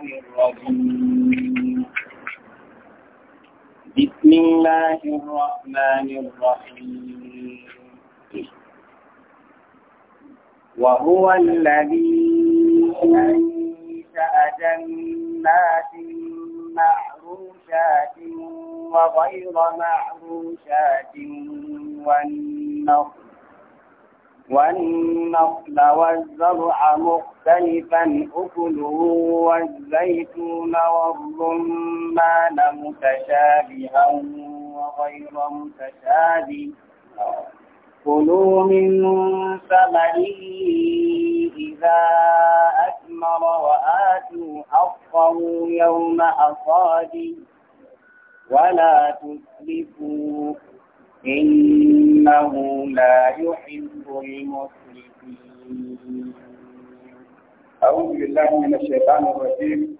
الشيطان الرجيم بسم الله الرحمن الرحيم وهو الذي أنشأ جنات معروشات وغير معروشات والنخل والنخل والزرع مختلفا أكله والزيتون والرمان متشابها وغير متشابه كلوا من ثمره إذا أثمر وآتوا حقه يوم حصاده ولا تسلفوا إنه لا يحب المسلمين أعوذ بالله من الشيطان الرجيم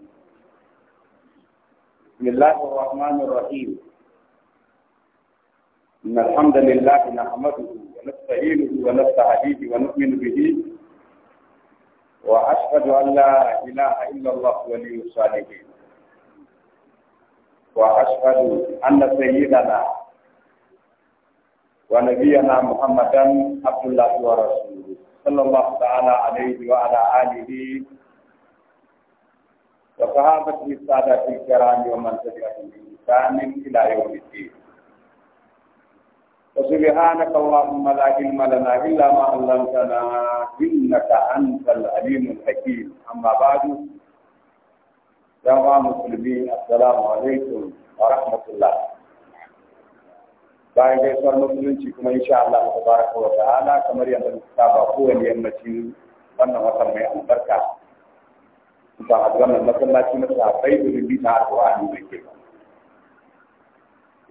بسم الله الرحمن الرحيم إن الحمد لله نحمده ونستعينه ونستهديه ونؤمن به وأشهد أن لا إله إلا الله ولي الصالحين وأشهد أن سيدنا wa na muhammadan abdullah wa rasuluhu sallallahu ta'ala alaihi wa ala alihi wa sahabati sadati karami wa man tabi'ahum bi ihsan ila yawm al-din wa subhanaka allahumma la ilma lana illa ma 'allamtana innaka antal alimul hakim amma ba'du ya wa muslimin assalamu alaikum wa bayan gaisuwar musulunci kuma insha Allah tabaraka wa ta'ala kamar yadda muka saba kowane yammacin wannan watan mai albarka ba a zama masallaci na sahabbai domin bi ta alƙur'ani mai ke ba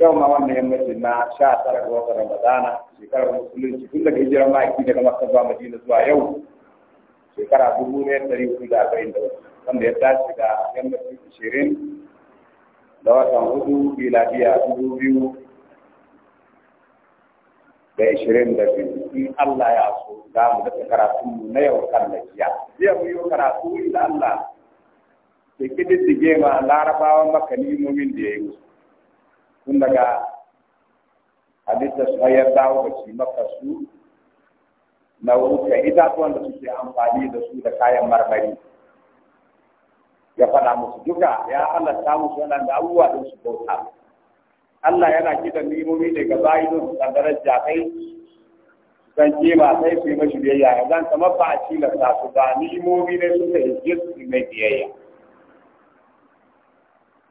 yau ma wannan yammacin na sha tara ga watan Ramadana shekarar musulunci tun daga hijirar ma'aiki daga Makka zuwa Madina zuwa yau shekara dubu ɗaya ɗari hudu da arba'in da wanda ya dace da yammacin ashirin da watan hudu miladiya dubu biyu da ishirin da biyu in Allah ya so za mu daga karatun na yau kan lafiya zai mu karatu da Allah ke kididdige ma larabawa maka nimomin da ya yi musu tun daga halitta su dawo da shi maka su na wuce itatuwan da suke amfani da su da kayan marmari ya faɗa musu duka ya halatta musu wannan da abubuwa don su bauta Allah yana da nimomi daga bayi don su kai jakai zan ba sai su yi mashi biyayya zan kama ba a ta su ba nimomi ne suka yi jirgin mai biyayya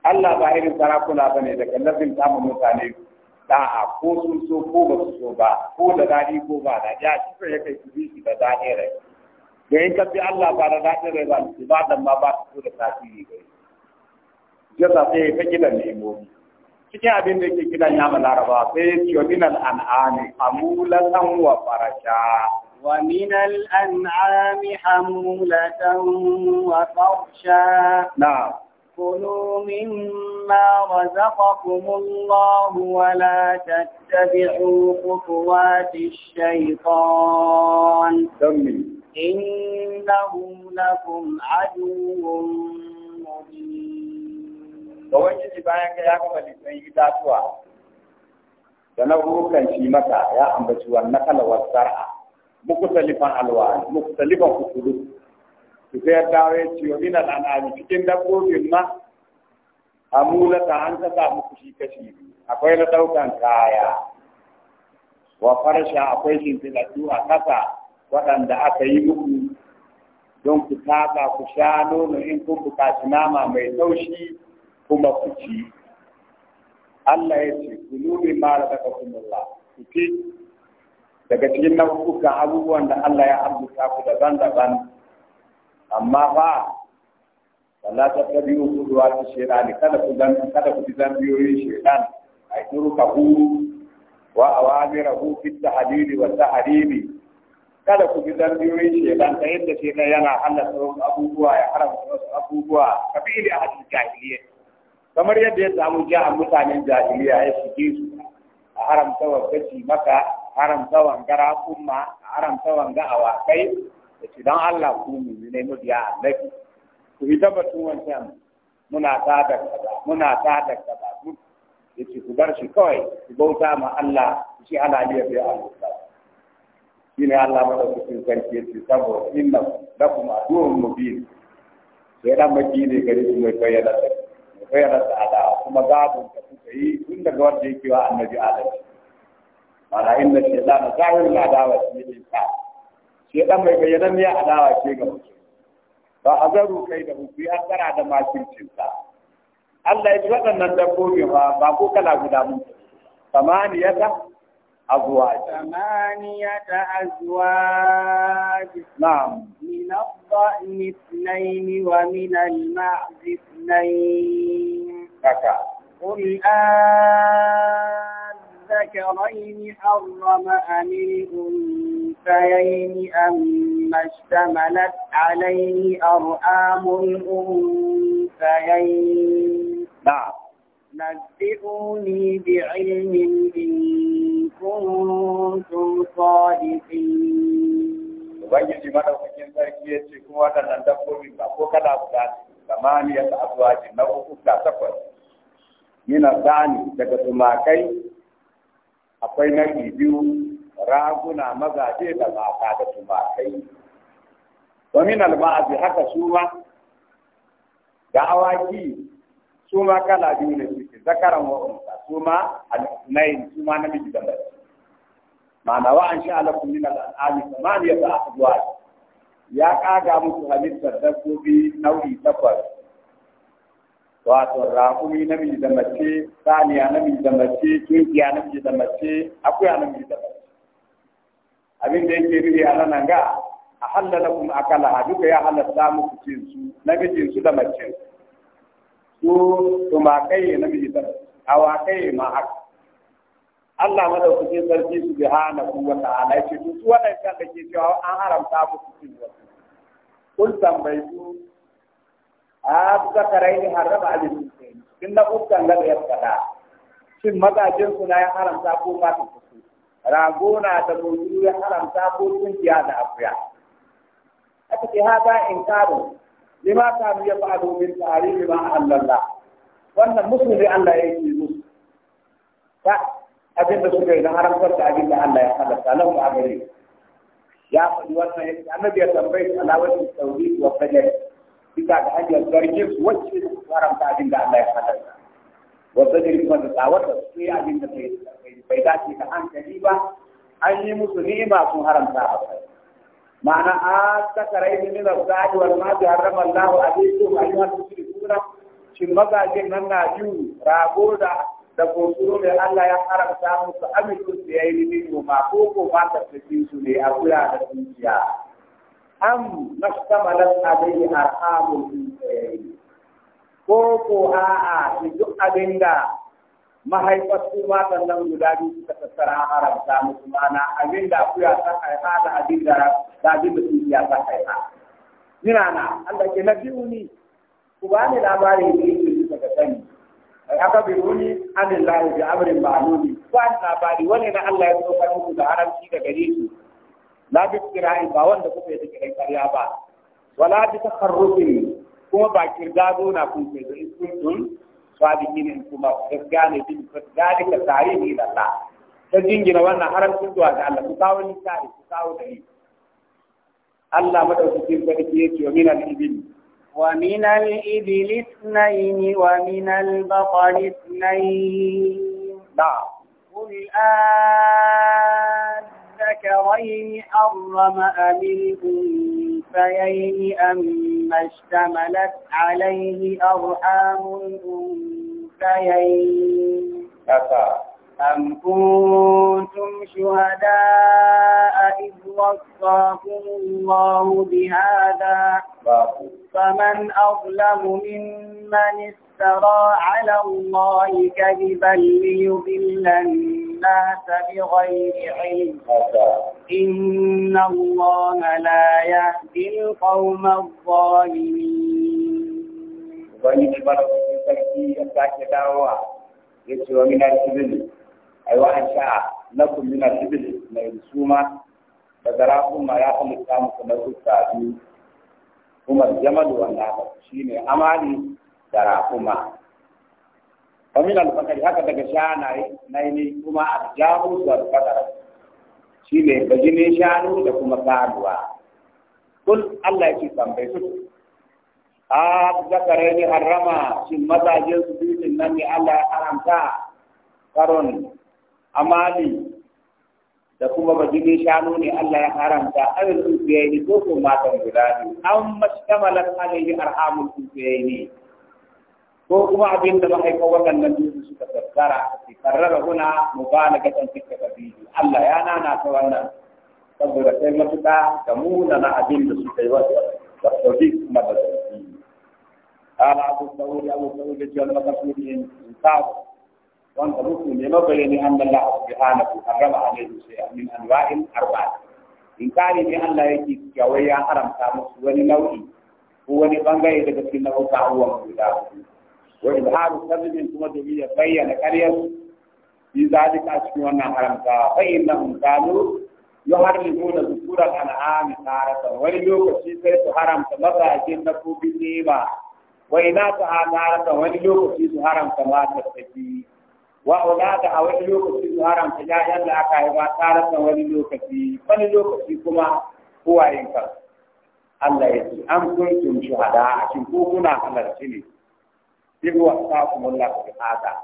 Allah ba irin sarakuna ba ne daga nafin samun mutane da'a ko sun so ko ba su so ba ko da daɗi ko ba da ya shi ya kai su bishi da daɗi rai da in ka bi Allah ba da daɗi rai ba su ba dan ma ba su so da tasiri gai. Jasa sai ya ta gidan nimomi. ومن الأنعام حمولة وفرشا نعم كلوا مما رزقكم الله ولا تتبعوا خطوات الشيطان إنه لكم عدو مبين ga wani bayan ka ya kuma lisan tatuwa da na rukan shi maka ya ambaci wa nakala wa sar'a talifan alwan mukhtalifan usulu to sai dawo ya ce na al'anami cikin dabbobin ma Mula ta an kasa muku shi kashi akwai na daukan kaya wa farsha akwai shimfiɗaɗɗu a kasa waɗanda aka yi muku don ku taka ku sha nono in kun buƙaci nama mai taushi kuma ku ci Allah ya ce kulu min ma razaqakumullah ku ci daga cikin nau'ukan abubuwan da Allah ya arzuta ku daban-daban amma ba wala ta tabi'u kudwati ne, kada ku zan kada ku zan biyoyin shaytan ka turukahu wa awamirahu fi tahdidi wa tahribi kada ku bi zambiyoyin shaytan ta yadda shaytan yana halatta wasu abubuwa ya haramta wasu abubuwa ne a hadin jahiliyyah kamar yadda ya samu a mutanen jahiliya ya shige su a haramta wakaci maka haramta wangara kuma a haramta wanga awakai da shi don Allah ku mu ne mu biya annabi ku yi tabbatun wancan muna ta da kaza muna ta da kaza duk ya ku bar shi kawai ku bauta ma Allah shi halaliyar bai Allah shi ne Allah cikin sarki ya ce saboda inna lakum aduwwun mubin sai dan maki ne gari su mai bayyana da gairar da adawa kuma gabon da kuka yi tun daga wanda yake wa annabi adam mana inda shi da na zahirin adawa shi ne ta shi dan mai bayyana ne adawa ce ga mutum ba a kai da hukumi an tsara da makircin Allah ya ji waɗannan dabbobi ba ba ko kala guda mun samaniyata أزواج ثمانية أزواج نعم من الضأن اثنين ومن المعز اثنين كذا قل الذكرين حرم أم الأنثيين أم اشتملت عليه أرآم الأنثيين نعم نبئوني بعلم إن kuntum sadiqin ubangiji madaukakin sarki ya ce kuma waɗannan dabbobin ba ko kada guda samaniya ta azwaji na uku da takwas yana tsani daga tumakai akwai na biyu raguna mazaje da mata da tumakai wa min al haka su da awaki suma kala biyu ne suke zakaran wa unsa suma ma al na su ma namiji da mace ma'ana wa an sha'ala kun min al-an'ami thamaniyata azwaj ya kaga musu halittar dabbobi nau'i takwas wato na namiji da mace saniya namiji da mace na namiji da mace akuya namiji da mace abin da yake rufe a nan ga a halala kuma akala duka ya halatta muku cin su namijin su da mace su ko tumakai namiji tara awakai ma haka Allah madaukakin sarki su bi wa ta'ala ya ce to su da ke cewa an haramta musu cin wasu kun tambayi su a karai ne harraba ne, sun na ukkan ga ya da. shin mazajin su na ya haramta ko ma ku su rago na da mutu ya haramta ko kun kiya da afiya aka ce haka in karo lima kanu ya fa'alu min ta'rimi ma Allah wannan musulmi Allah ya yi musu ta abin suka yi na haramtar da abin da Allah ya halatta lahu a gare ya faɗi wannan ya ce annabi ya tambaye su alawatin tauhid wa fajr bisa ga hanyar garke su haramta abin da Allah ya halatta wata ne kuma da tsawata su yi abin da bai dace da hankali ba an yi musu ni'ima sun haramta a kai معنى آتك رأي من الزاد والماء حرم الله عليكم أيها المشركون shi mazajen nan na biyu rago da da kosuro mai Allah ya haramta musu amincin su ya yi nini goma ko ko ma tafiye su ne a kula da dukiya am nastamalat alayhi arhamul insani ko ko a'a shi duk abin da mahaifar su matan nan guda biyu suka tattara haramta musu mana abin da akuya ta haifa da abin da da abin da kungiya ta haifa ina na Allah ke nabiyuni ku ba ni labari da yake daga sani aka bi wuni anin lahi bi amrin ma'lumi ba ni labari wani na Allah ya so ka muku da haramci da gare ku la bi kira'i ba wanda kuka yi kiran ƙarya ba wala bi takharrufin kuma ba kirgado na kun ke da kuntum sadiqin kuma gaskiya ne bin dalika tarihi da Allah ta jingina wannan haramcin zuwa ga Allah ku kawo ni tare ku kawo ni. Allah madaukakin sarki ya ce wa min al-ibil wa min al-ibil ithnayn wa min al-baqar ithnayn da qul الذكرين حرم أم الأنثيين أم اشتملت عليه أرحام الأنثيين أم كنتم شهداء إذ وصاكم الله بهذا فمن أظلم ممن افترى على الله كذبا ليضل الناس بغير علم إن الله لا يهدي القوم الظالمين من ai wa sha sha'a kun mina sibil ibil na yusuma da garafun ma ya halitta muku na rukka biyu kuma jamal wa shi ne amali da rafuma wa min al-fakari haka daga shana ni kuma al-jamu wa al-fakara shine bajine shanu da kuma saduwa kul Allah yake tambaye su الذكرين حرما su متى nan ne Allah ya haramta karon amali da kuma bajini shanu ne Allah ya haramta ayyul tsuntsaye ko ko matan guda ne an mashtamalat alaihi arhamul tsuntsaye ko kuma abin da mahaifa waɗannan dutse suka tsara ki kuna huna tan fi takabiri Allah ya nana ta wannan saboda sai matuƙa da mu na abin da suka yi wasu da sauki kuma da sauki قال sauri da jalla ka جل مكسور إن wanda rufu ne mabaye ne an dalla a suke hana ku amin an wa'in arba in kari ne allah yake kyawai ya haramta musu wani nau'i ko wani bangare daga cikin nau'uka uwan guda su wa izharu sabbin kuma domin ya bayyana karyar bi zalika cikin wannan haramta fa inna hum kanu yuharrimu na zukura kana ami tarata wani lokaci sai su haramta mazajin na kofi ne ba wa ina ta hana tarata wani lokaci su haramta mata tafiya wa aulada a wani lokaci su haramta ƴaƴan da aka haifa tare da wani lokaci wani lokaci kuma uwayen ka Allah ya ce an kuntum shuhada a cikin ko kuna halarci ne sai wa Allah bi hada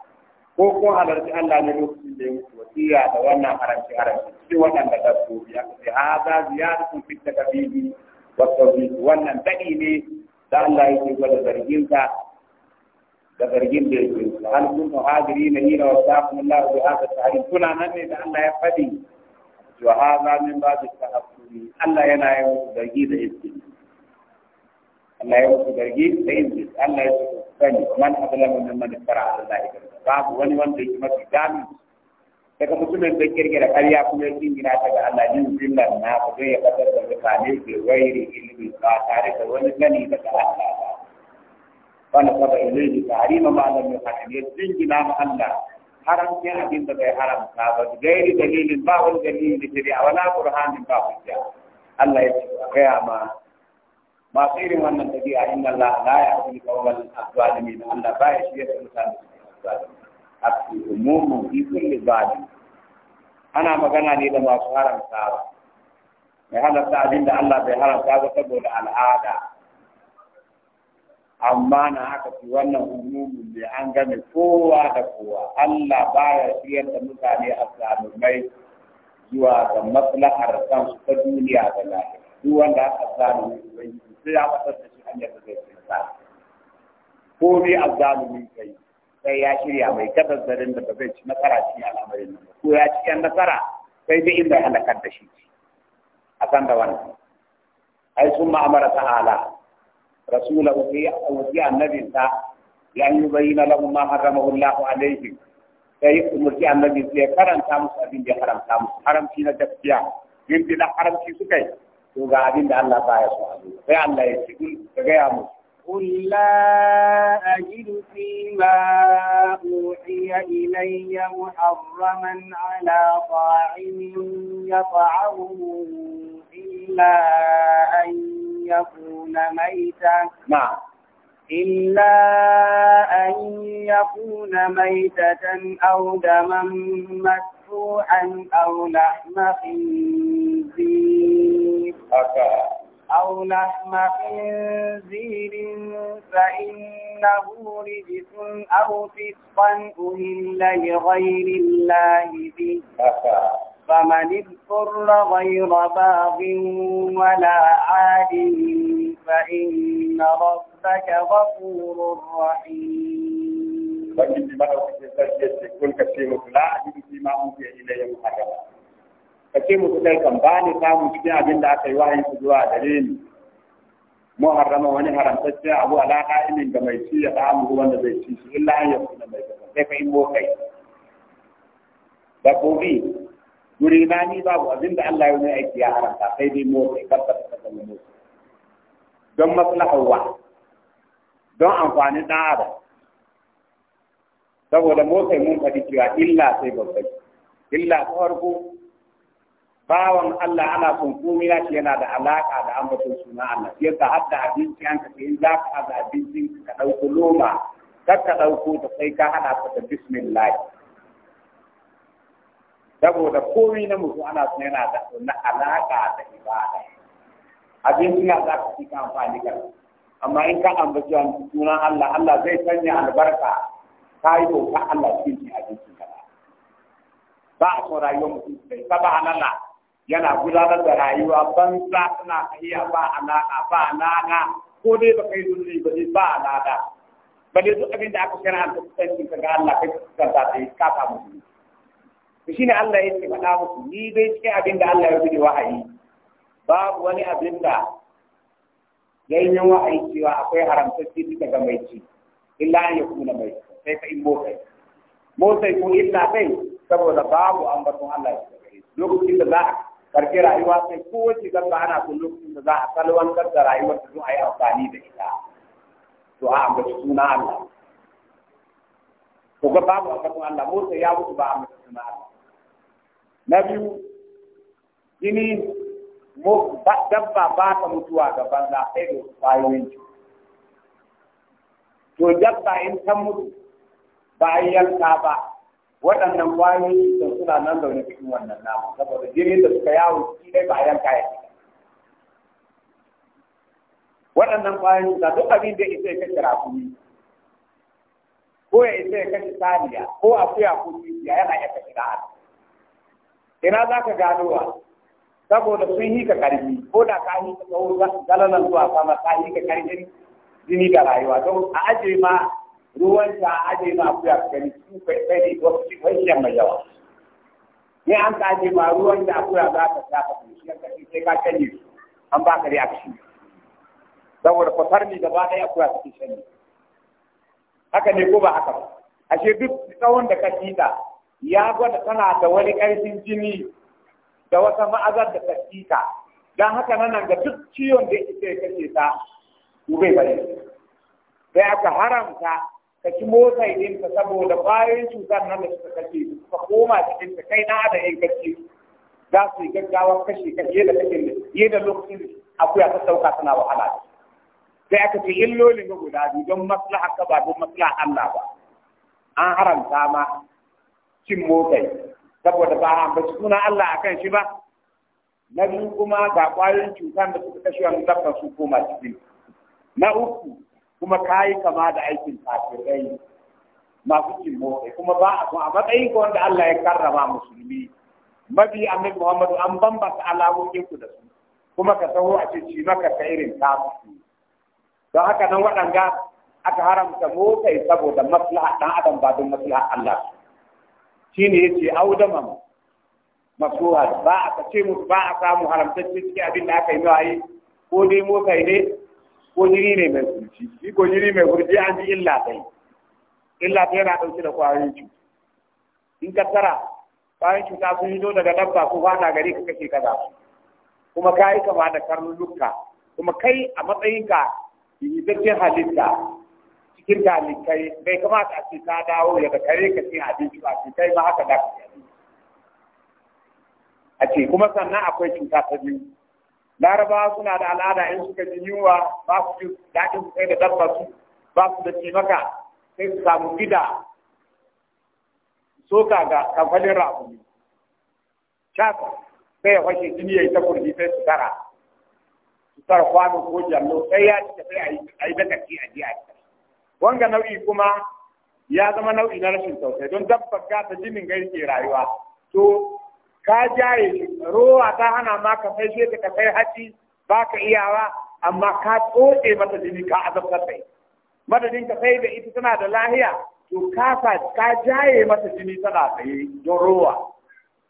ko ko halarci Allah ne lokacin da ya wasiya da wannan haramci haramci shi wannan da dabbobi Ya ce hada ziyaratun fi takabiri wa tawbi wannan dadi ne da Allah ya ce gwada zargin ka da da yake hal kun muhajiri na hina wa sa'akum Allah kuna nan ne da Allah ya min tahakkuri Allah yana da Allah ya yi da Allah ya yi sani man fara Allah ya babu wani wanda yake daga mutumin da kirkira ƙarya kuma ya gina ta ga Allah yin zillan na ku zai ya fitar da mutane da wairi ilimi ba tare da wani gani daga Allah ونسب إليه تحريم ما لم يحرم يجزن جنام الله حرم كان عبد بي حرم كابت غير دليل باو الدليل شريعة ولا برهان باو الجاه الله يجب قياما ما خير من النبي إن الله لا يحكم قوم الظالمين الله بايش يسلسل أكثر أمور في كل ظالم ana magana ne da masu haramtawa mai halarta abin da Allah bai haramta ba saboda al'ada amma na haka fi wannan umumin ne an game kowa da kowa Allah baya shiryar da mutane a zalumai zuwa ga maslahar kansu ta duniya da lafiya duk wanda aka zalumi ubangiji sai ya fasar da shi hanyar da zai tsaya ko ne a zalumi kai sai ya shirya mai kadazzarin da ba zai ci nasara cikin al'amarin nan ko ya ci yan nasara sai dai inda bai halakar da shi a san da wannan ai sun ma'amara ta'ala رسوله وفي النبي تا لأن يبين لهم ما حرمه الله عليهم sai umurci annabi sai karanta musu abin da haramta musu haramci na gaskiya yin da haramci suka yi to ga abin da Allah baya so a sai Allah ya ce ka gaya musu قل لا أجد فيما أوحي إلي محرما على طاعم يطعمه إلا أن يكون ميتا نعم إلا أن يكون ميتة أو دما مسفوحا أو لحم خنزير أو لحم خنزير فإنه رجس أو فسقا أهل لغير الله به فمن اضطر غير باغ ولا عاد فإن ربك غفور رحيم. فإن لا أجد فيما أوحي إلي محرما. kace muku kai kan ba ni samun cikin abin da aka yi wahayi su zuwa gare ni muharrama wani haramtacce abu alaka ilin da mai ci ya samu da zai ci shi illa an yaku da mai kai sai fa in bokai guri na ni babu abin da Allah ya wani aiki ya haramta sai dai motsa ya tabbata ta zama motsa don maslahar wa don amfani ɗan adam saboda motsa mun faɗi cewa illa sai babbai illa ta farko bawan Allah ana son komai na shi yana da alaka da ambaton suna Allah shi yasa har da abinci an ka in za ka haɗa abincin ka ɗauko loma kar ka ɗauko ta sai ka haɗa ta da bismillah saboda komai na mutum ana son yana da na alaka da ibada abin suna za ka fi amfani ka amma in ka ambaci sunan Allah Allah zai sanya albarka ka yi ka Allah cikin abinci ka ba a son rayuwar mutum sai saba alala yana gudanar da rayuwa banza suna iya ba alaka ba alaka ko dai ba kai zurri ba dai ba alaka ba dai duk abin da aka shara da kusanci ka ga Allah kai kusanta da ka samu shi ne Allah ya ce faɗa musu ni bai cikin abin da Allah ya fi wahayi babu wani abin da ya yi yin wahayi cewa akwai haramtacci bisa ga mai ci illa ya kuna mai sai fa in motsai motsai ko illa kai saboda babu ambaton Allah ya ce lokacin da za a karfi rayuwa sai ko wace gaba ana kun lokacin da za a salwantar da rayuwar da zo a yi amfani da ita to a ambaci suna Allah ko ga babu ambaton Allah motsai ya mutu ba a mutu suna Allah na biyu jini dabba ba ta mutuwa ga banza sai da kwayoyin to dabba in ta mutu ba a yanka ba waɗannan kwayoyi da suna nan zaune cikin wannan namu saboda jini da suka yawo ciki dai ba a yanka ya waɗannan kwayoyi da duk abin da isa ya kashe rakumi ko ya isa ya kashe saniya ko akuya ko jijiya yana ya kashe da hannu ina za ka ganowa saboda sun yi ka karfi ko da ka yi ka tsawo galalan zuwa sama ka yi ka karfin jini da rayuwa don a aje ma ruwan ta a aje ma akuya gani su kai kai ne ko su kai shan mai yawa ne an ka aje ma ruwan ta akuya za ka sa ka shi ka sai ka kai su an ba ka reaction saboda fasar ne gaba ɗaya akuya take shan haka ne ko ba haka ba ashe duk tsawon da ka kita ya gwada tana da wani ƙarfin jini da wata ma'azar da tasika don haka nan ga duk ciwon da ita ya kashe ta bai bari sai aka haramta ka ci motsa ta saboda ƙwayoyin cutar nan da suka kashe suka koma cikin ta kai na da yin kashe za su yi gaggawa kashe kashe da kashe da da lokacin akwai a sauka tana wahala sai aka ce illolin ga guda biyu don maslaha ka ba don maslaha Allah ba an haramta ma cin motsai saboda ba a su suna Allah a kan shi ba na biyu kuma ga ƙwayoyin cutan da suka kashe wani dabba su koma cikin na uku kuma kayi kama da aikin kafirai masu cin motsai kuma ba a a matsayin ka wanda Allah ya karrama musulmi mabi annabi Muhammadu an bambata alamomin da su kuma ka taho a ce ci maka ka irin tafi don haka nan waɗanga aka haramta motsai saboda maslaha ɗan adam ba don maslaha Allah shine yace audama masuwa ba a kace mu ba a samu haramtacce cikin abin da aka yi mai ko dai mo kai ne ko jiri ne mai kurji shi ko jiri mai kurji an ji illa kai illa kai yana dauke da kwayoyin cuta in ka tara kwayoyin cuta sun yi daga dabba ko fata gari ka kake kaza kuma ka yi kama da karnuka kuma kai a matsayinka yi halitta cikin dalilai bai kamata a ce ta dawo ba kare ka cin abinci ba ce kai ma haka da ka a ce kuma sannan akwai cuta ta biyu larabawa suna da al'ada in suka ji yunwa ba su ji daɗin su kai da dabba su ba su da taimaka sai su samu gida soka ga kamfanin rakumi cak sai ya fashe jini ya yi ta kurji sai su tara su tara kwano ko jallo sai ya ci sai a yi dakaci a ji a ci wanga nau'i kuma ya zama nau'i na rashin tausayi don dabbar ka ta jinin gari ke rayuwa to ka jaye rowa ta hana ma ka kai shi ka kai haji ba ka iyawa amma ka tsotse mata jini ka azabtar da ita madadin ka sai da ita tana da lahiya to ka ka jaye mata jini tana tsaye don rowa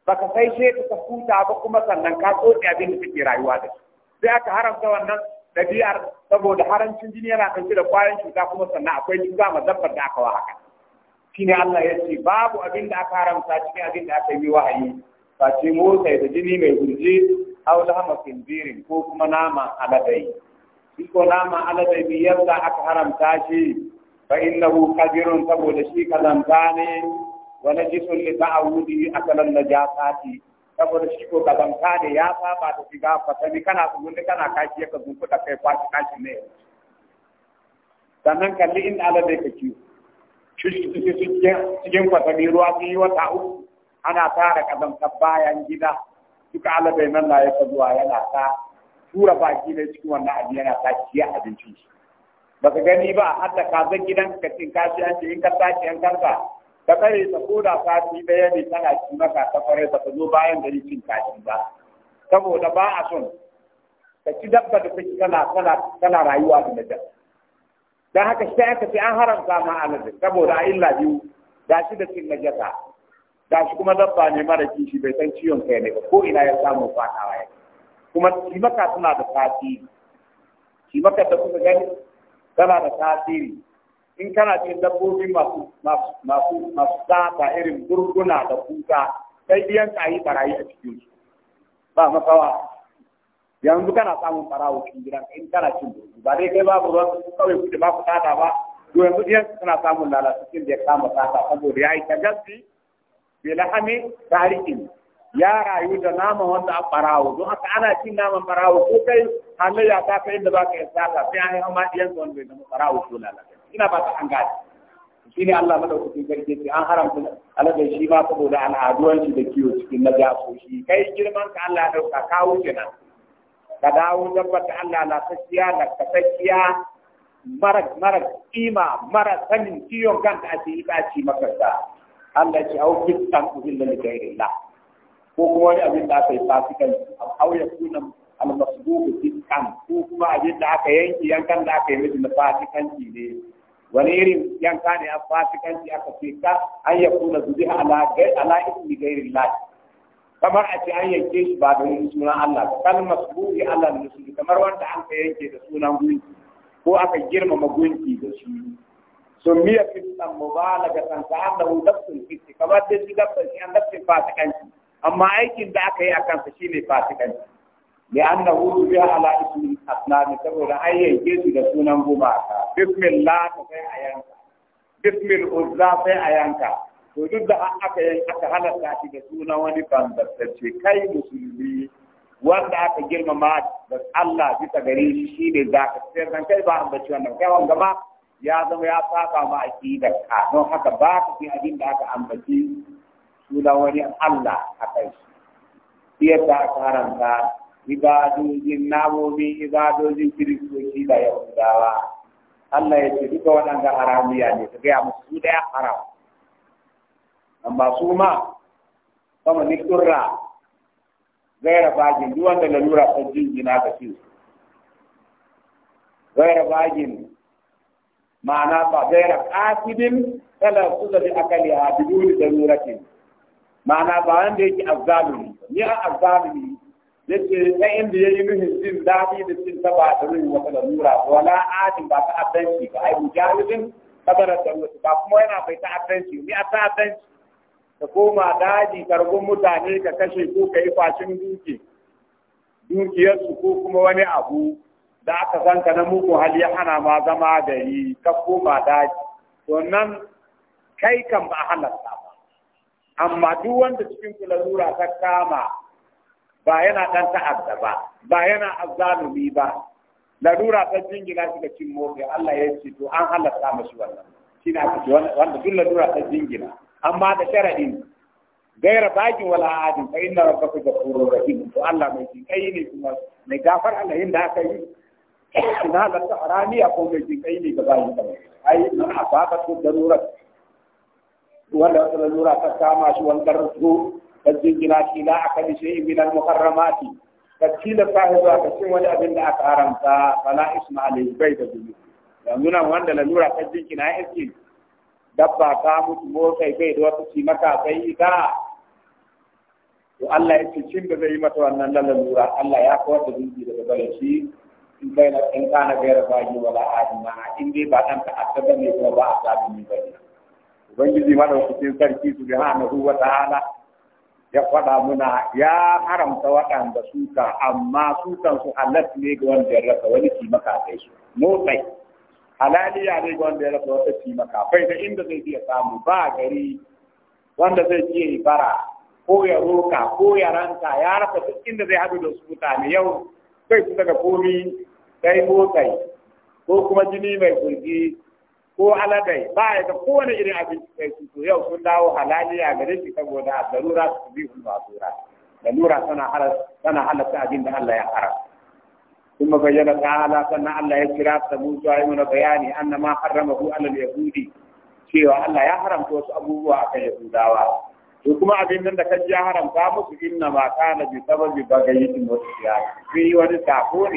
baka sai shi ka huta ba kuma sannan ka tsotse abin da take rayuwa da shi sai aka haramta wannan ɗabi'ar saboda harancin jini yana ɗauke da kwayan cuta kuma sannan akwai cuta mazabbar da aka wa haka shine Allah ya ce babu abin da aka haramta cikin abin da aka yi wahayi face motsa da jini mai gurje aw lahama khinzirin ko kuma nama aladai shi ko nama aladai bi yadda aka haramta shi fa innahu kabirun saboda shi kalanta ne wa najisun li ta'awudi akalan najasati saboda shi ko kazanta ne ya saba da shiga kwatami kana tsugunni kana kashi ya ka zunku da kai kwashi kashi ne sannan kalli in bai ka kiwo cikin kwatami ruwa sun yi wata uku ana tara kazanta bayan gida duka bai nan na ya ka zuwa yana ta tura baki ne cikin wannan abin yana ta ciye abincin shi ka gani ba a da kazan gidan ka cin kashi an ce in ka tashi an karka ka kare ta ko da sati ɗaya ne tana ci maka ta kare ta zo bayan gari cin kashi ba saboda ba a son ka ci dabba da kake kana kana kana rayuwa da nadar dan haka sai aka ce an haramta ma alaji saboda a illa biyu shi da cin najasa shi kuma dabba ne mara kishi bai san ciwon kai ne ba ko ina ya samu fatawa ya kuma kimaka suna da tasiri cimaka da kuka gani tana da tasiri in kana cikin dabbobi masu masu masu sata irin gurguna da kuka sai biyan tsayi yi barayi a cikin su ba makawa yanzu kana samun barawo cikin gidan in kana cin gurgu ba dai kai babu ruwan kawai kudi ba ku sata ba to yanzu biyan kana samun lalatacin da ya kama sata saboda ya yi ta tagazzi bi lahami tarihin ya rayu da naman wanda a barawo don haka ana cin naman barawo ko kai halayya ta kai inda ba ka yi sata sai an yi hama ɗiyansa wanda bai zama barawo ko lalata ina ba ta an gane shi ne Allah madaukakin garke ce an haramta aladen shi ma saboda al'aduwan shi da kiwo cikin na shi kai girman ka Allah ya dauka ka wuce nan ka dawo tabbata Allah na sassiya da ka sassiya mara mara kima mara sanin kiyon kanta a cikin ɗaci makarta Allah ya ce au da uhilla irin ghairillah ko kuma wani abin da aka yi fasikan a ya sunan al-masduq kitan ko kuma abin da aka yanki yankan da aka yi mutum na fasikanci ne wani irin yanka ne a fasikanci aka ce ka an ya kuna zubi ala ismi gairin lahi kamar a ce an yanke shi ba don sunan Allah ba kalmar Allah da su kamar wanda an ka yanke da sunan gunki ko aka girmama gunki da shi sun miya fitan mubalaga san ta annahu nafsul fitti kamar da shi gabban shi an nafsin fasikanci amma aikin da aka yi a kansa shine fasikanci لأنه رجع على اسم الأصنام تقول أي يجيس لسونا غماكا بسم الله في أيانكا بسم الأزلى في أيانكا وجود أكا أكا هلا تأتي لسونا ونبان بسرشي كي مسلمي wanda aka girmama da Allah bisa gare shi shi ne za ka sayar dan kai ba ambaci wannan kai wanga ya zama ya saba ma da ka don haka ba ka fi abin da aka ambaci suna wani Allah a kai shi yadda ibadojin namomin ibadojin kiristoci da yahudawa Allah ya ce duka waɗanda haramiya ne ta gaya musu su ɗaya haram amma su ma sama ni turra gaira bagin duk wanda lalura ta jingina ga shi gaira bagin ma'ana ba gaira kasidin kala su da akali a biduni da luratin ma'ana ba wanda yake azzalumi ni a azzalumi yake ta inda yayi nufin jin daɗi da cin taba da rin wata lalura wala adin ba ta ta'addanci ba ai mujahidin kabarar da wasu ba kuma yana bai ta'addanci ni a ta ta'addanci ka koma daji kargun mutane ka kashe ko ka yi fashin duki dukiyarsu ko kuma wani abu da aka san na muku hali ya hana ma zama da yi. ka koma daji to nan kai kan ba halarta ba amma duk wanda cikin kula lura ta kama ba yana ɗan ta'adda ba ba yana azzalumi ba larura ta jingila shi cin moke Allah ya ce to an halatta mashi wannan shi na ce wanda duk larura ta jingila amma da sharadin gaira bakin wala adin fa inna rabbaka ghafurur rahim to Allah mai jin kai ne kuma mai gafar Allah yin da aka yi na halatta harami a kuma mai jin kai ne ga bayin sa ai na afaka to darura wanda wata larura ta kama shi wannan ɗan kajin gina shi la aka bi shay'in min al-muharramati kacci da sahibu a wani abin da aka haramta fala isma bai da yanzu nan wanda lalura ta jinki na iski dabba ta mutu motsai bai da wata shi maka sai ita to Allah ya ce cin da zai yi mata wannan lalura Allah ya kawar da zunubi daga bare shi in bai na in kana gaira bagi wala adima in dai ba dan ta asaba ne ko ba asabi ne ba ubangiji madaukakin sarki subhanahu wa ala. ya faɗa muna ya haramta waɗanda suka amma sukan su halatta ne ga wanda ya rasa wani kimaka kai su motsai halaliya ne ga wanda ya rasa wata kimaka bai da inda zai iya samu ba gari wanda zai iya bara ko ya roka ko ya ranta ya rasa duk inda zai haɗu da su mutane yau bai su daga komi sai motsai ko kuma jini mai kurgi ko aladai ba ya da kowane irin abinci kai su to yau sun dawo halaliya ga shi saboda darura su bi hun basura darura tana tana halatta abin da Allah ya haramta kuma bayyana ta'ala sannan Allah ya kira ta mu zuwa yi mana bayani annama harramahu alal yahudi cewa Allah ya haramta wasu abubuwa akan yahudawa to kuma abin nan da kaji ya haramta musu ina ma kana bi sababi bagayitin wasu ya fi wani sako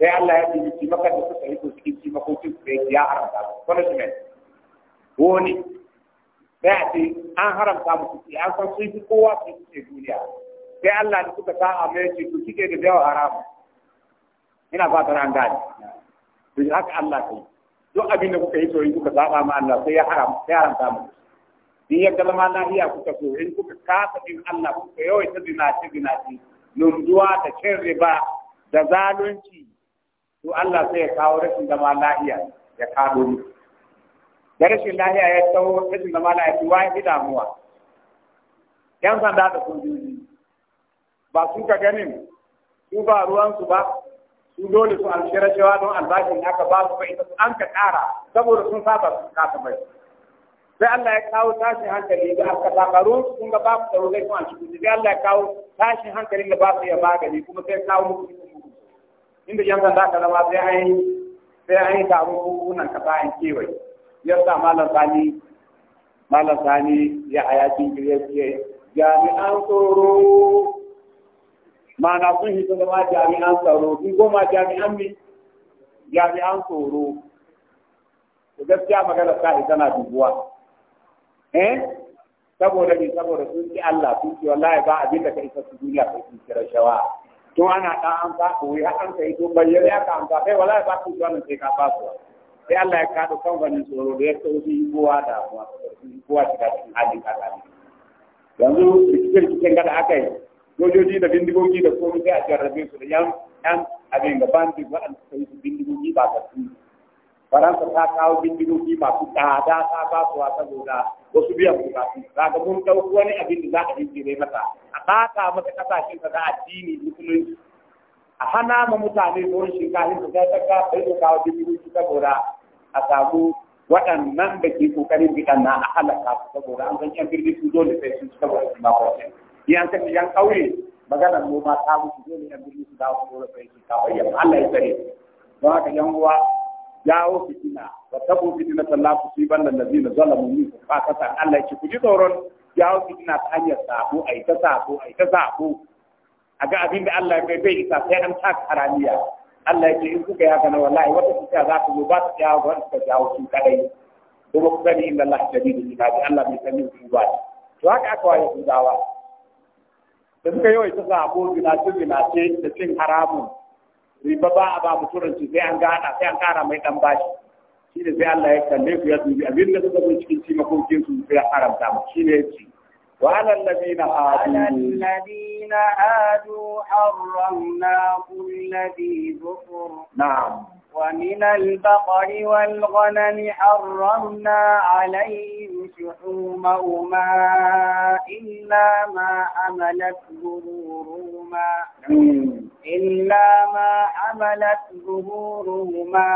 sai Allah ya ce ki maka da suka yi ko cikin ci makokin da ya haramta su punishment ko ne sai a ce an haramta musu ci an san sun fi kowa su ce duniya sai Allah da suka sa'a mai ce ku kike da dawa haramu ina fatan an gane to haka Allah ta yi duk abin da kuka yi to kuka saba ma Allah sai ya haram sai haramta muku in ya kalma lahiya kuka so in kuka kasa bin Allah kuka yawaita zinaci zinaci lunduwa da cin riba da zalunci to Allah sai ya kawo rashin zama lahiya ya kado ni. da rashin lahiya ya kawo rashin zama lahiya ki wai bi damuwa yan sanda da sojoji ba su ka ganin su ba ruwansu ba su dole su alshira cewa don albashin aka ba su ba su an ka ƙara saboda sun saba su kasa bai sai Allah ya kawo tashin hankali da aka takaru kun ga babu tsaro zai kuma shi sai Allah ya kawo tashin hankali da babu ya magani kuma sai kawo muku inda yan sanda ka zama sai an yi sai an yi taro kunan kasa an kewaye yasa malam sani malam sani ya aya jinkiri ya jami'an tsoro mana sun hito zama jami'an tsaro sun goma jami'an mi jami'an tsoro to gaskiya magana ta na dubuwa eh saboda ni saboda sun ki Allah sun ki wallahi ba abin da ka isa su duniya kai sun kira shawa to ana da an ba ku ya an kai to bayyana ya ka an ba kai wallahi ba ku zuwa sai ka ba ku sai Allah ya ka kan ganin tsoro da ya sauki kowa da kuma kowa shiga cikin halin kaka yanzu cikin cikin gada aka yi sojoji da bindigogi da komai sai a jarrabe su da yan yan abin da bandi waɗanda suka yi bindigogi ba ka su faransa ta kawo bindigogi masu tsada ta ba su kasuwa saboda wasu biyan bukatu kaga mun ɗauki wani abin da za a jinkire mata a ɓata mata ƙasashen ta da addini musulunci a hana ma mutane wurin shinkafin da ta ta kawo bindigogi saboda a samu waɗannan da ke ƙoƙarin biɗan na a halaka su saboda an san yan birni su dole sai sun saboda su ma kwace an kan yan ƙauye maganar noma ta musu dole yan birni su dawo su dole sai su ta bayyana Allah ya tsare don haka yan uwa jawo fitina wa tabu fitina ta la tusiban allazina zalamu minkum khasatan Allah ki kuji tsoron jawo fitina ta hanyar sabo ai ta sabo ai ta sabo aga abin da Allah bai bai isa sai an taka haramiya Allah ya ce in kuka ya haka na wallahi wata fitina za ta zo ba ta jawo ba ta jawo su kadai kuma ku sani inna Allah shadidul iqabi Allah bai sani ku ba to haka aka waye ku dawa da suka yawai ta sabo gina ce gina ce da cin haramun riba ba a ba mutum sai an gada sai an kara mai dan bashi shi ne sai Allah ya kalle ku ya dubi abin da suka zo cikin ci makokin su sai haramta mu shi ne ci wa الذين ladina وعلى الذين هادوا حرمنا كل ومن البقر والغنم حرمنا عليهم شحومهما إلا ما حملت ظهورهما إلا ما حملت ظهورهما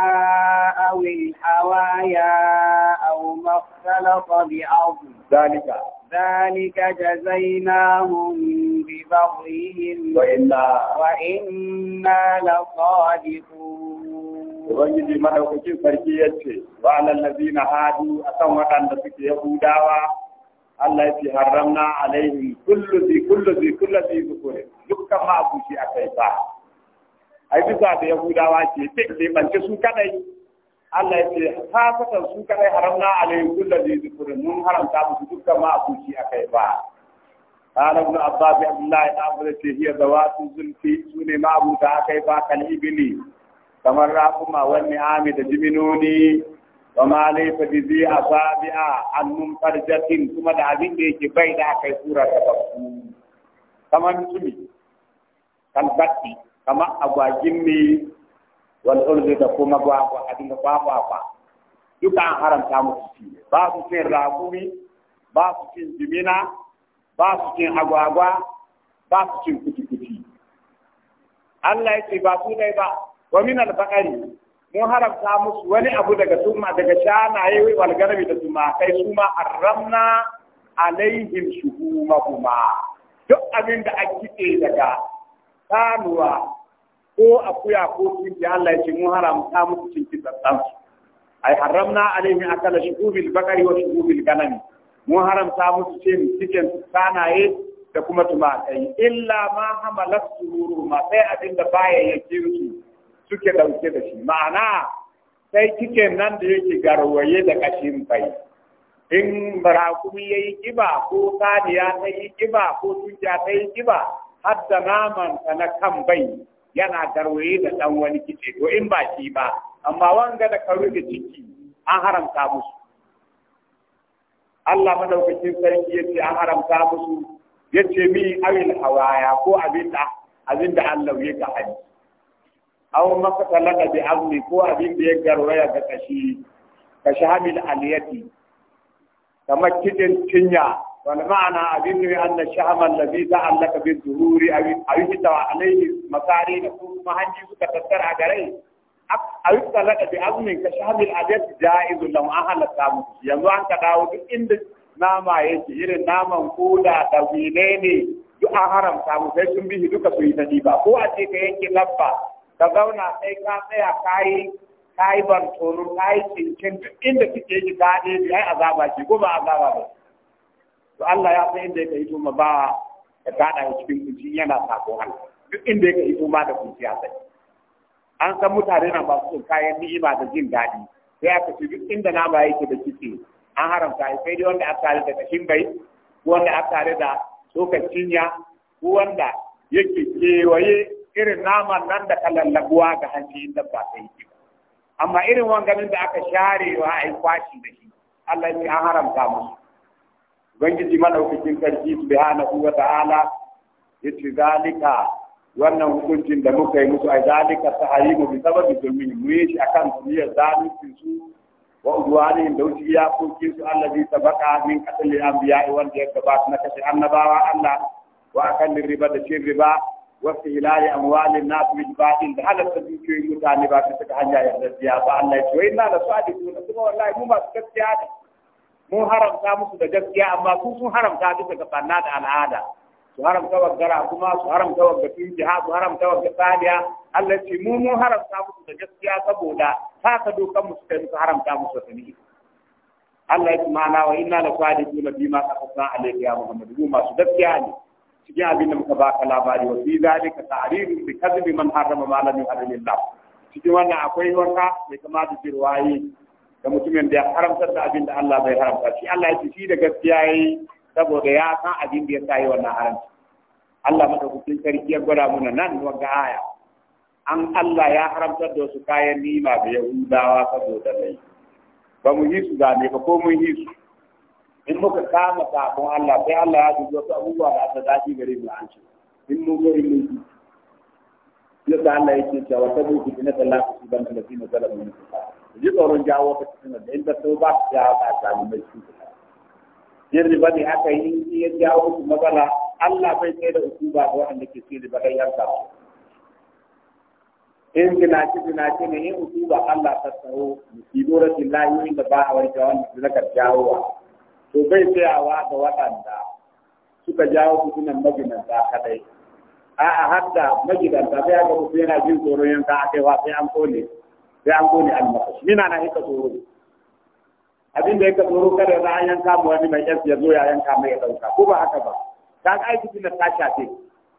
أو الحوايا أو ما اختلط بعظم ذلك ذلك جزيناهم ببغيهم وإنا, وإنا لصادقون ubangiji madaukakin sarki ya ce Ba lallabi na hadu a kan waɗanda suke yahudawa Allah ya ce haramna alaihim kullu zi kullu zi kullu zi zukure dukkan ma abuci a kai ba ai bisa da yahudawa ce sai bance su kadai Allah ya ce fasatan su kadai haramna alaihim kullu zi zukure mun haramta musu dukkan ma abuci a kai ba قال ابن عباس عبد الله بن عمرو هي ذوات الزلفي سنما ابو ba با كالابلي kamar raƙuma wani ami da jiminoni wa ma laifa bi zai a sabi'a annun farjatin kuma da abin da yake bai da aka yi tura ta babu kamar kan batti kamar agwagin ne wal ulzi da kuma gwagwa abin da gwagwa duka an haramta musu ci ba su cin raƙumi ba su cin jimina ba su cin agwagwa ba su cin kuci-kuci Allah ya ce ba su dai ba wa min al-baqari mu haramta musu wani abu daga suma daga shanaye wai walgarbi da suma kai suma arramna alaihim shuhumahuma duk abin da ake daga sanuwa ko akuya ko kinki Allah ya ce mun haramta musu cinki tsantsan ai haramna alaihim akala shuhubil baqari wa shuhubil ganami mun haramta musu cin cikin sanaye da kuma tumakai illa ma hamalat sururu ma sai abin da baya yakin su suke ɗauke da shi ma'ana sai kike nan da yake garwaye da kashin bai in barakumi ya yi ƙiba ko saniya ta yi ƙiba ko tunja ta yi ƙiba har da naman ta na kan bai yana garwaye da ɗan wani kice to in ba shi ba amma wanga da karu da ciki an haramta musu Allah madaukakin sarki ya ce an haramta musu ya ce mi awil hawaya ko abin da abin da Allah ya ka hadi aw masatalaka bi azmi ko abin da ya garwaya ga kashi kashi hamil aliyati kamar kidin cinya wal ma'ana abin da anna shahama allazi ta'allaka bi zuhuri aw yitawa alayhi masari da kuma hanji suka tattara gare aw talaka bi azmi ka shahamil aliyati jaizun lam ahala tamu yanzu an ka dawo duk inda nama yake irin naman koda da wile ne duk an haramta mu sai sun bihi duka su yi ba ko a ce ka yanke dabba? ka zauna sai ka tsaya ka yi ka yi bantoro ka yi cincin duk inda kike ji ka ɗaya ai azaba ki ko ba azaba ba to Allah ya san inda yake hito ma ba ya ya cikin kuci yana sako Allah duk inda yake hito ma da kuci ya sai an san mutane na masu son kayan ni'ima da jin daɗi sai aka ce duk inda nama yake da kike an haramta shi sai dai wanda aka tare da kashin bai ko wanda aka tare da tsokar cinya ko wanda yake kewaye irin nama nan da kalallabuwa lallabuwa ga hanci dabba ta yi amma irin wanganin da aka sharewa a yi kwashi da shi Allah ya an haramta musu ubangiji madaukakin sarki subhanahu wa ta'ala ce zalika wannan hukuncin da muka yi musu a zalika mu bi sababi domin mu yi shi akan niyyar zalunci su wa udwanin da wuce iyakokin su zai sabaka min qatl al-anbiya wanda ya gabata na kashe annabawa Allah wa akan riba da cin riba واستهلال أموال الناس بالباطل ده هذا الصديق يمتعني بعد تتحجى يرضيها فالله يسوي إنا لصادقون ثم والله مو ما تتحجى مو حرم تامس دجسيا أما كوسو حرم تامس كفنات العادة su haramta wa gara kuma su haramta wa jiha su haramta wa tsariya Allah ce mu mun haramta musu da gaskiya saboda ta ka dokan musu kai musu haramta musu da ni Allah ya tuma na wa inna la sadiquna bima qasasa alayka ya Muhammad mu masu gaskiya ne cikin abin da muka baka labari wa fi zalika ta'rirun bi kadhibi man harrama ma lam cikin wannan akwai wanka mai kama da jirwayi da mutumin da ya haramta da abin da Allah bai haramta shi Allah ya tafi da gaskiya yi saboda ya san abin da ya sa yi wannan haramci Allah madaukakin sarki ya gwada mana nan wanga aya an Allah ya haramtar da wasu kayan nima da Yahudawa saboda lai ba mu yi su zane ba ko mun yi su in muka kama sakon Allah sai Allah ya dubi wasu abubuwa da aka zafi gare mu an ci in mun zo in mun ji yasa Allah yake cewa ta buki na sallah ku ci ban da fi na sallah mun ji tsoron jawo ta cikin da in ta so ba ta jawo ba ta mun bai ci yin riba ne aka yi in ya jawo su matsala Allah bai sai da hukuma ga waɗanda ke ci riba kai yanka in ginace ginace ne in hukuma Allah ta tsaro musibo rashin lahiyoyin da ba a warkewa wanda zaka jawowa to bai tsayawa da waɗanda suka jawo fitinan maginanta kadai a'a hatta magidanta sai aka mutu yana jin tsoron yanka a Kaiwa sai an kone sai an kone almakashi mina na hika tsoro abin da yake tsoro kada za a yanka mu wani mai yanzu ya zo ya yanka mai ya dauka ko ba haka ba ka ga aiki tunda ta shafe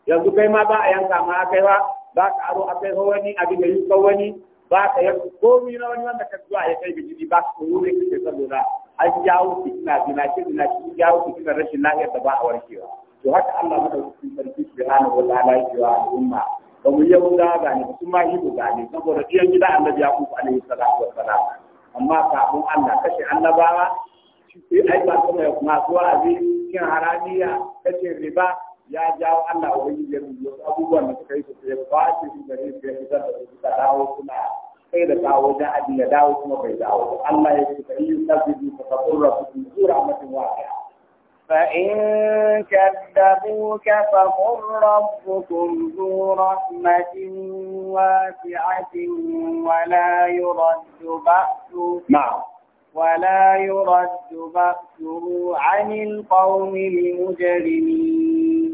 yanzu kai ma ba a yanka ma a wa ba ka aro akai ho wani abin da yi wani ba ka yanka komi na wani wanda ka zuwa ya kai bijiri ba ka tsoro ne kake saboda an jawo fitina zinace zinace shi jawo fitina rashin lafiyar da ba a warkewa to haka Allah madaukakin sarki subhanahu wa ta'ala ya wa umma ba mu yi guda ba ne kuma ma yi guda ne saboda iyan gida annabi ya alaihi salatu wa salam amma kafin Allah kashe annabawa sai ai ba kuma ya kuma zuwa abi kin haramiya kashe riba ya jawo Allah wani ya rubuta abubuwan da suka yi su sai ba shi gare da ya fitar da su dawo kuma sai da dawo da abin ya dawo kuma bai dawo Allah ya ce kai yin tabbibi ka fakurra ku zura mutum waqi'a فإن كذبوك فقل ربكم ذو رحمة واسعة ولا يرد بأسه نعم ولا يرد بأسه عن القوم المجرمين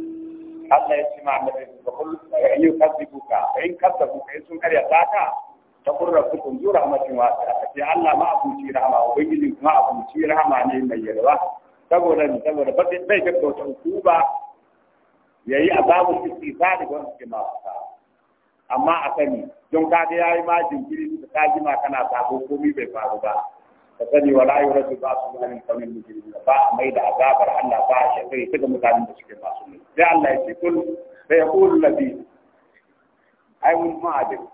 الله يسمع النبي فقل يكذبوك فإن كذبوك إن سمع يطاعك kun rabbukum zu rahmatin wasi'a ce Allah ma abuci rahama ubangiji kuma abuci rahama ne mai yalwa saboda ni saboda ba bai ga wata hukuma yayi azabul istifadi ga wanda ke ma amma a sani don kaga yayi ma jinkiri da kaji ma kana sabo komai bai faru ba ka sani wala yuradu ba su min kamin da ba mai da azabar Allah ba shi sai kaga mutanen da suke masu ne sai Allah ya ce kul fa yaqulu ladhi ay mun ma'adil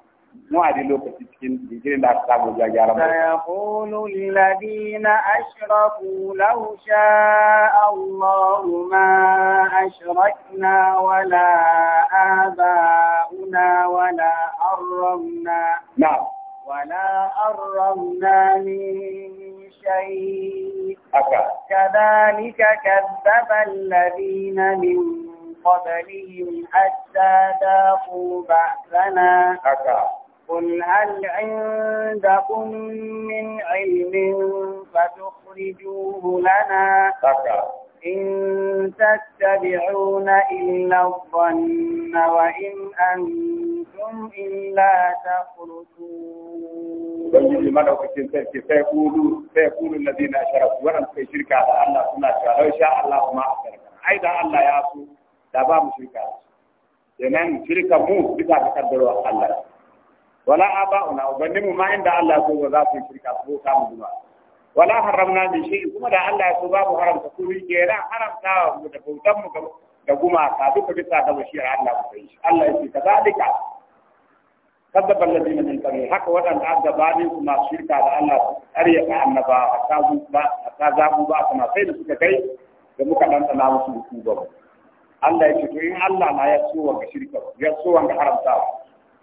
سيقول الذين أشركوا لو شاء الله ما أشركنا ولا آباؤنا ولا حرمنا نعم ولا حرمنا من شيء كذلك كذب الذين من قبلهم حتى ذاقوا بأسنا قل هل عندكم من علم فتخرجوه لنا إن تتبعون إلا الظن وإن أنتم إلا تخرجون ubangiji madaukakin sarki sai kulu sai kulu ladina asharaku wannan suka shirka da Allah suna cewa lau sha a sarka ai Allah ya da ba mu shirka shirka ga kaddarwa Allah wala aba'una ubannin mu ma inda Allah so ba za su shirka su ka mu ba wala haramna bi shi kuma da Allah so babu haramta ku ke ran haramta mu da bautan mu da kuma ka duka bisa da bashir Allah ku sai Allah yake kadalika kadaba alladina min qabli haka wadanda ga bani kuma shirka da Allah su kariya ka annaba hatta zu ba hatta zabu ba kuma sai da suka kai da muka dan tsana musu hukuma Allah yake to in Allah na ya so wa shirka ya so wa haramta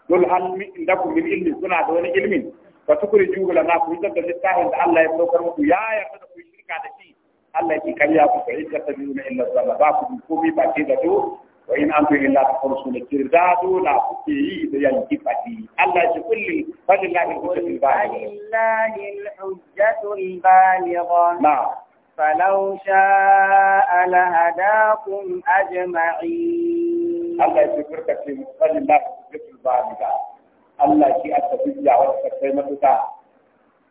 dul hal mi indakum min ilmin kuna da wani ilmin fa tukuri jugula na ku da littafin da Allah ya saukar muku ya yarda da ku shirka da shi Allah ki kariya ku sai ka tabiuna illa zalla ba ku komai ba ce da to wa in antu illa tafrusu da kirdado na kuke yi da yanki fadi Allah ki kulli fadillahi al-hujjatul baligha na فلو شاء لهداكم أجمعين الله يشكرك في مقبل الله baliga Allah shi aka bijja wata matuka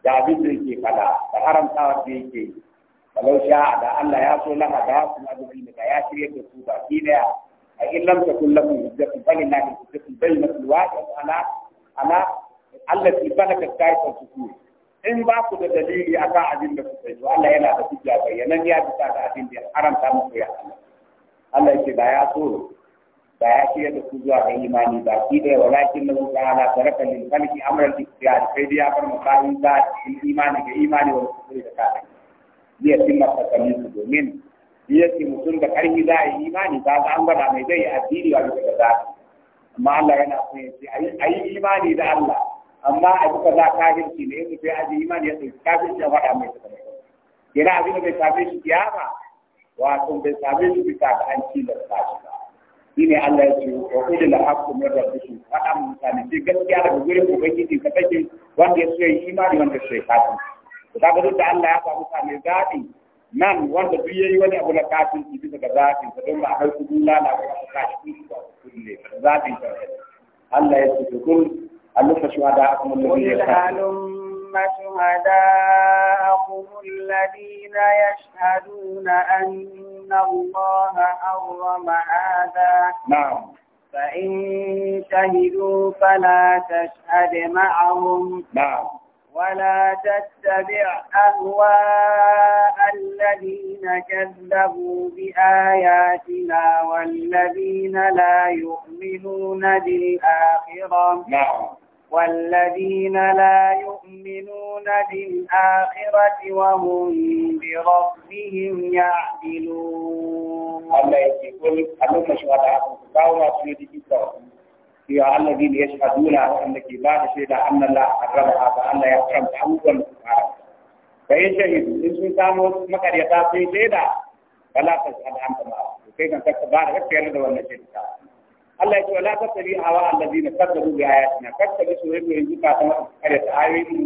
da abin da yake fada da haramta da yake sha da Allah ya so la hada da ya shirya da su ba ki daya a illam ta kullum hujjatu ala ala in ba da dalili a abin da Allah yana da hujja bayanan ya bisa da abin da haramta muku ya Allah da ya ba ya shirya da su zuwa ga imani ba shi da walakin lahu ta'ala taraka lil khalqi amran ikhtiyar sai dai ya bar mutane ba cikin imani ga imani wa kufri da kafiri zai timma tsakanin su domin yake mutum da karfi za a yi imani ba za an gwada mai zai addini wa duka za amma Allah yana so a yi imani da Allah amma a duka za kafirci ne yanzu a yi abin bai same shi ga an cilar ne Allah ya ce wa qul haqqu min rabbikum faɗa mun sani sai gaskiya daga gurin ubangiji ka take wanda ya so yi imani wanda so ya kafin ga duk da Allah ya ba mutane zaɓi nan wanda duk yayi wani abu na kafin ki bisa ga zaɓin ka don ba a haiku dula ko a ka kashi ku kulle zaɓin sa Allah ya ce kul a shuhada akum alladhina yakafun شهداءكم الذين يشهدون أن الله حرم هذا نعم فإن شهدوا فلا تشهد معهم نعم ولا تتبع أهواء الذين كذبوا بآياتنا والذين لا يؤمنون بالآخرة نعم والذين لا يؤمنون بالآخرة وهم بربهم يعدلون الله يقول أنك شهداء كاوما سيدي كتاب يا الذين يشهدون أنك لا تشهد أن الله حرم هذا أن يحرم حمدا فإن شهدوا إن سلطانوا مكر يتاقي سيدا فلا تشهد أنت معه كيف أنت كبار غير كيف أنت Allah ya ce wala tattabi hawa allazina kadzabu bi ayatina kadzabu su yadda yanzu ka ta maka kare ta ayoyin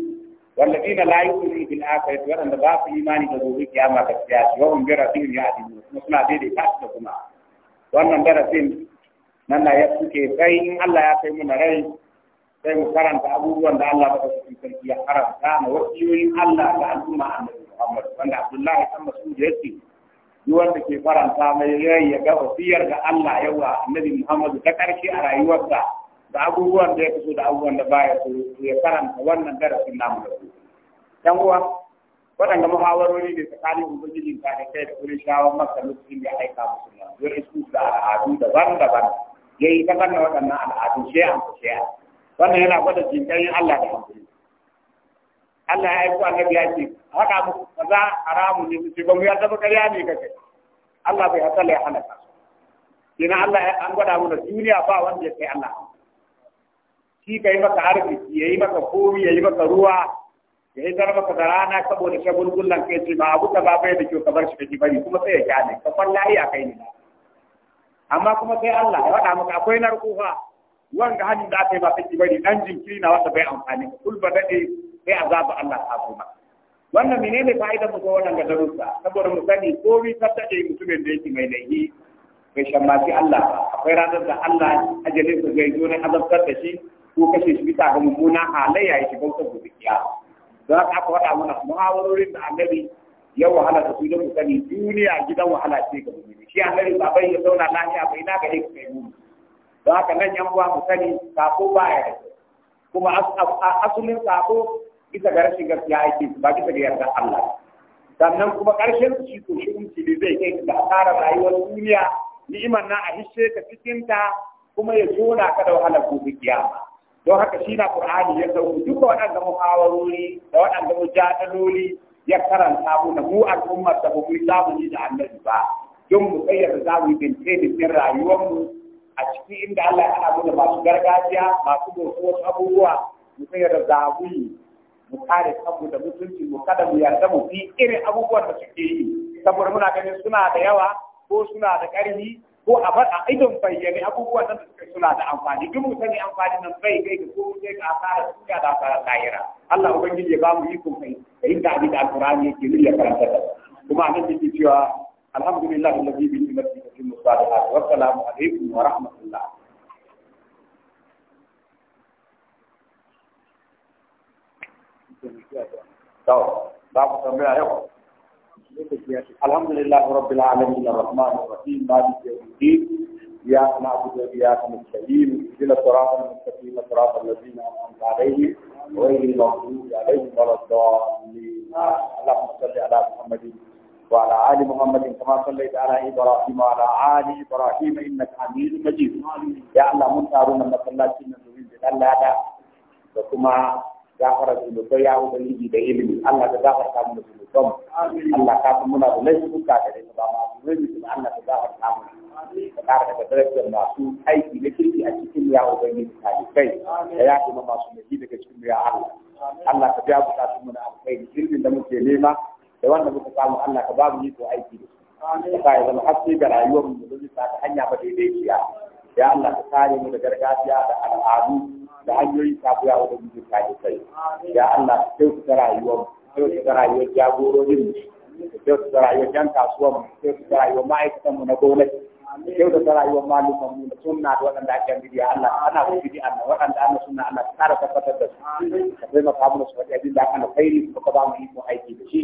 والذين لا يؤمنون بالآخرة وأن ضعف إيمان جذوب كيامة كسياس وهم برسيم يعدلون مثل هذه الفاسدكما وأن برسيم نلا يسكي فإن na يقيمون رأي sai mu karanta abubuwan da Allah ba su sarki ya haramta na wasiyoyin Allah ga al'umma annabi Muhammad wanda Abdullahi dan Mas'ud yake wanda ke faranta mai rai ya ga wasiyar da Allah yawa Annabi Muhammad ta karshe a rayuwarsa da abubuwan da ya fito da abubuwan da baya so ya karanta wannan darasin namu da su dan uwa waɗanda muhawarori ne tsakanin ubangijin ka da kai da kurin shawar masa lokacin da aika musu na wurin su da al'adu daban-daban ya yi ta kanna waɗannan al'adu shi an ku wannan yana gwada jinkarin Allah da hankali Allah ya aiko annabi ya ce haka muku Za haramun ne musu ba mu yarda ba karya ne kake Allah bai hasala ya halaka kina Allah an gwada mana duniya ba wanda ya kai Allah shi ka yi maka arziki ya yi maka komi ya yi maka ruwa ya yi zara maka da rana saboda shagulgullan kai ce ba abu ka ba bai da kyau ka bar shi kake bari kuma sai ya kyale ka falla a kai ne amma kuma sai Allah ya wada maka akwai narko fa wanga hannun da aka yi ba kake bari dan jinkiri na wata bai amfani kulba ba dade sai azaba Allah ta zo maka wannan ne fa'idar mu ga wannan ga darussa saboda mu sani ko bi sabta mutumin da yake mai laifi bai shammaci Allah akwai ranar da Allah ajalin sa zai zo ne azabtar da shi ko kashe shi bisa ga mummuna halayya yake bauta wutar gobe kiyama don haka aka faɗa mana muhawarorin da annabi yau wahala da su da mu duniya gidan wahala ce ga mummuni shi annabi ba bai ya zauna lafiya bai na gare ka kai mu don haka nan yan uwa mu sani sako baya da kuma asalin sako bisa ga rashin gaskiya ake su ba bisa ga yarda Allah sannan kuma karshen su shi ko shi zai kai ga asara rayuwar duniya ni'imar na a hishe ka cikin ta kuma ya jona ka da wahalar ko kiyama don haka shi na Qur'ani ya sauko duk waɗanda muhawarori da waɗanda mujadaloli ya karanta mu da mu ummar da mu zamani da annabi ba don mu tsayyar da zamu bince da rayuwarmu a cikin inda Allah ya hana mu da masu gargajiya masu bautar abubuwa mu tsayyar da zamu mu kare kanmu da mutunci mu kada mu yarda mu fi irin abubuwan da suke yi saboda muna ganin suna da yawa ko suna da ƙarfi ko a bar a idon bayyane abubuwan nan da suke suna da amfani duk mu sani amfani nan bai kai ga ko sai ga asara suka da asara lahira Allah ubangiji ya ba mu iko kai da inda abin da alqur'ani yake ya karanta da kuma annabi yake cewa alhamdulillahi alladhi bi ni'matihi tatimmu salihat wa assalamu alaikum wa rahmatullah to babu tambaya yau alhamdulillah rabbil alamin arrahman arrahim malik yawmiddin إياك نعبد وإياك نستعين اهدنا الصراط المستقيم صراط الذين أنعمت عليهم غير المغضوب عليهم ولا الضالين اللهم صل على محمد وعلى آل محمد كما صليت على إبراهيم وعلى آل إبراهيم إنك حميد مجيد يا الله من تارون مسلاتنا نريد الله da kuma gafara zunubai ya ubangiji da ilimi Allah ka gafarta mu da zunuban Allah ka fi muna da laifuka da rai ba ma su rai mutum Allah ka gafarta mu ka kara daga darajar masu aiki na kirki a cikin ya ubangiji kai da ya kuma masu mai daga cikin ya Allah Allah ka biya ilimin da muke nema da wanda muka samu Allah ka ba mu yi aiki da su ka ya zama haske ga rayuwar mu da zai ta hanya ba daidaiciya ya Allah ka kare mu da gargajiya da al'adu da hanyoyi sabuwa wa ubangiji ta ji kai ya Allah ka kyautata rayuwar kyautata rayuwar jagororin mu ka kyautata rayuwar jan kasuwar mu ka kyautata rayuwar ma'aikatan mu na gwamnati yau da rayuwar malumar mu da suna da waɗanda ake yan bidiya Allah ana su bidi Allah waɗanda ana suna Allah ka ƙara tabbatar da su ka taimaka mu su faɗi abin da aka na kairi kuma ka ba mu iko aiki da shi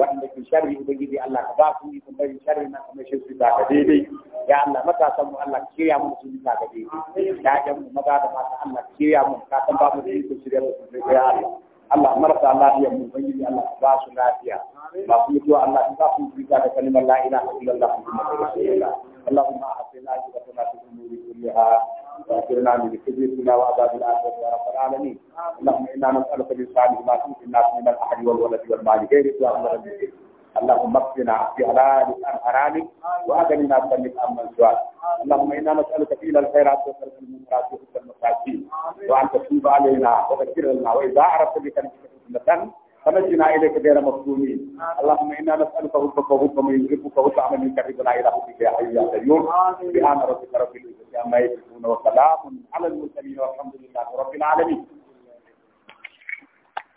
waɗanda ke sharri ubangiji Allah ka ba su iko bari sharri na kamar shi su ba ka daidai ya Allah matasan mu Allah ka mu su ba ka daidai ya ƴan mu maza da mata Allah ka shirya mu ka san ba mu da iko shirya mu su ya Allah Allah marasa lafiya mu ubangiji Allah ba su lafiya ba su mutuwa Allah ba su yi da kalimar la ilaha illallah muhammadur rasulullah اللهم اعطنا عجبتنا في الامور كلها واغفرنا من كبيرنا وعذاب الاخره يا رب العالمين اللهم انا نسالك من صالح ما كنت الناس من الاحد والولد والمال غيرك يا رب العالمين اللهم اكفنا بحلالك عن حرامك واغننا بفضلك عمن سواك اللهم انا نسالك فينا الخيرات وترك المنكرات وحب المساكين وان تتوب علينا وتغفر لنا واذا عرفت بك انك فنجنا إليك غير مفتونين اللهم إنا نسألك حبك وحب من يحبك وسع من يقربنا إلى حبك يا حي يا قيوم سبحان ربك رب العزة عما يصفون وسلام على المرسلين والحمد لله رب العالمين